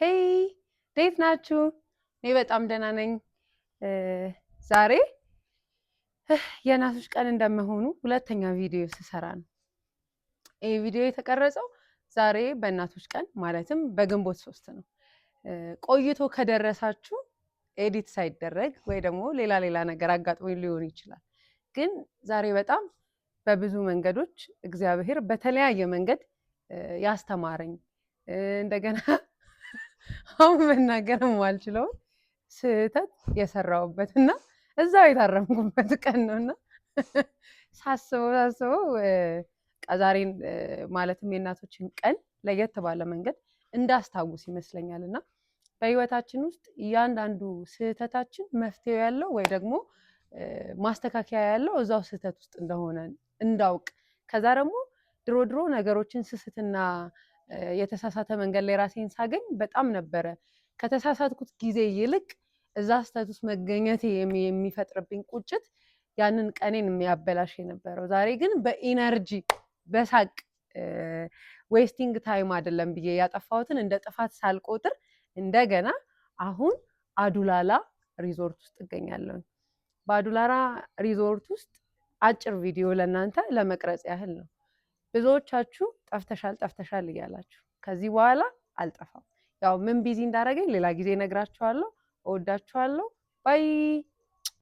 ሄይ እንዴት ናችሁ? እኔ በጣም ደህና ነኝ። ዛሬ የእናቶች ቀን እንደመሆኑ ሁለተኛ ቪዲዮ ስሰራ ነው። ይህ ቪዲዮ የተቀረጸው ዛሬ በእናቶች ቀን ማለትም በግንቦት ሶስት ነው። ቆይቶ ከደረሳችሁ ኤዲት ሳይደረግ ወይ ደግሞ ሌላ ሌላ ነገር አጋጥሞ ሊሆን ይችላል። ግን ዛሬ በጣም በብዙ መንገዶች እግዚአብሔር በተለያየ መንገድ ያስተማረኝ እንደገና አሁን መናገርም ማልችለው ስህተት የሰራውበት እና እዛው የታረምኩበት ቀን ነው እና ሳስበው ሳስበው ቀዛሬን ማለትም የእናቶችን ቀን ለየት ባለ መንገድ እንዳስታውስ ይመስለኛል እና በህይወታችን ውስጥ እያንዳንዱ ስህተታችን መፍትሄ ያለው ወይ ደግሞ ማስተካከያ ያለው እዛው ስህተት ውስጥ እንደሆነ እንዳውቅ ከዛ ደግሞ ድሮ ድሮ ነገሮችን ስስትና የተሳሳተ መንገድ ላይ ራሴን ሳገኝ በጣም ነበረ ከተሳሳትኩት ጊዜ ይልቅ እዛ ስህተት መገኘቴ የሚፈጥርብኝ ቁጭት ያንን ቀኔን የሚያበላሽ የነበረው። ዛሬ ግን በኢነርጂ በሳቅ ዌስቲንግ ታይም አይደለም ብዬ ያጠፋሁትን እንደ ጥፋት ሳልቆጥር እንደገና አሁን አዱላላ ሪዞርት ውስጥ እገኛለሁ። በአዱላላ ሪዞርት ውስጥ አጭር ቪዲዮ ለእናንተ ለመቅረጽ ያህል ነው። ብዙዎቻችሁ ጠፍተሻል ጠፍተሻል እያላችሁ ከዚህ በኋላ አልጠፋም። ያው ምን ቢዚ እንዳደረገኝ ሌላ ጊዜ ነግራችኋለሁ። እወዳችኋለሁ። ባይ